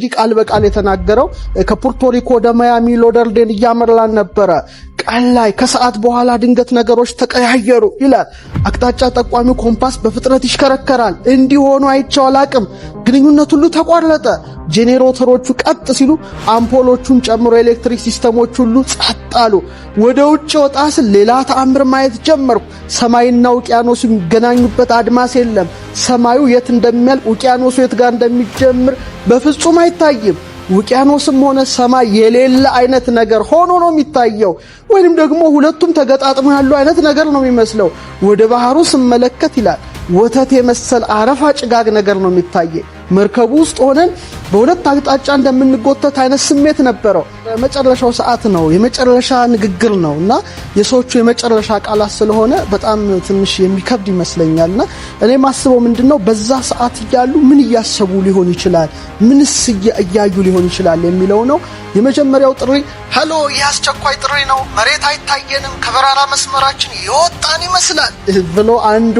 እንግዲህ ቃል በቃል የተናገረው ከፖርቶሪኮ ወደ ማያሚ ሎደርዴን እያመራን ነበረ። ቀን ላይ ከሰዓት በኋላ ድንገት ነገሮች ተቀያየሩ ይላል። አቅጣጫ ጠቋሚ ኮምፓስ በፍጥነት ይሽከረከራል። እንዲሆኑ አይቼው አላቅም። ግንኙነት ሁሉ ተቋረጠ። ጄኔሬተሮቹ ቀጥ ሲሉ አምፖሎቹን ጨምሮ ኤሌክትሪክ ሲስተሞች ሁሉ ጸጥ አሉ። ወደ ውጭ ወጣ ስል ሌላ ተአምር ማየት ጀመርኩ። ሰማይና ውቅያኖሱ የሚገናኙበት አድማስ የለም። ሰማዩ የት እንደሚያልቅ ውቅያኖሱ የት ጋር እንደሚጀምር በፍጹም አይታይም። ውቅያኖስም ሆነ ሰማይ የሌለ አይነት ነገር ሆኖ ነው የሚታየው፣ ወይንም ደግሞ ሁለቱም ተገጣጥሞ ያሉ አይነት ነገር ነው የሚመስለው። ወደ ባህሩ ስመለከት ይላል ወተት የመሰል አረፋ ጭጋግ ነገር ነው የሚታየኝ። መርከቡ ውስጥ ሆነን በሁለት አቅጣጫ እንደምንጎተት አይነት ስሜት ነበረው። የመጨረሻው ሰዓት ነው፣ የመጨረሻ ንግግር ነው እና የሰዎቹ የመጨረሻ ቃላት ስለሆነ በጣም ትንሽ የሚከብድ ይመስለኛል። እና እኔ ማስበው ምንድነው ነው በዛ ሰዓት እያሉ ምን እያሰቡ ሊሆን ይችላል፣ ምንስ እያዩ ሊሆን ይችላል የሚለው ነው። የመጀመሪያው ጥሪ ሄሎ፣ ይህ አስቸኳይ ጥሪ ነው፣ መሬት አይታየንም፣ ከበረራ መስመራችን የወጣን ይመስላል ብሎ አንዱ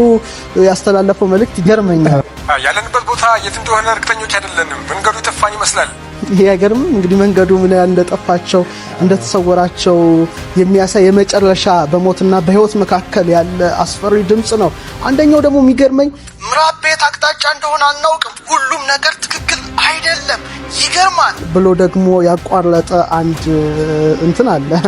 ያስተላለፈው መልእክት ይገርመኛል። ያለንበት ቦታ የት እንደሆነ እርግጠኞች አይደለንም። መንገዱ የጠፋን ይመስላል። ይሄ ሀገርም እንግዲህ መንገዱ ምን ያህል እንደጠፋቸው እንደተሰወራቸው የሚያሳይ የመጨረሻ በሞትና በህይወት መካከል ያለ አስፈሪ ድምፅ ነው። አንደኛው ደግሞ የሚገርመኝ ምዕራብ ቤት አቅጣጫ እንደሆነ አናውቅም፣ ሁሉም ነገር ትክክል አይደለም፣ ይገርማል ብሎ ደግሞ ያቋረጠ አንድ እንትን አለ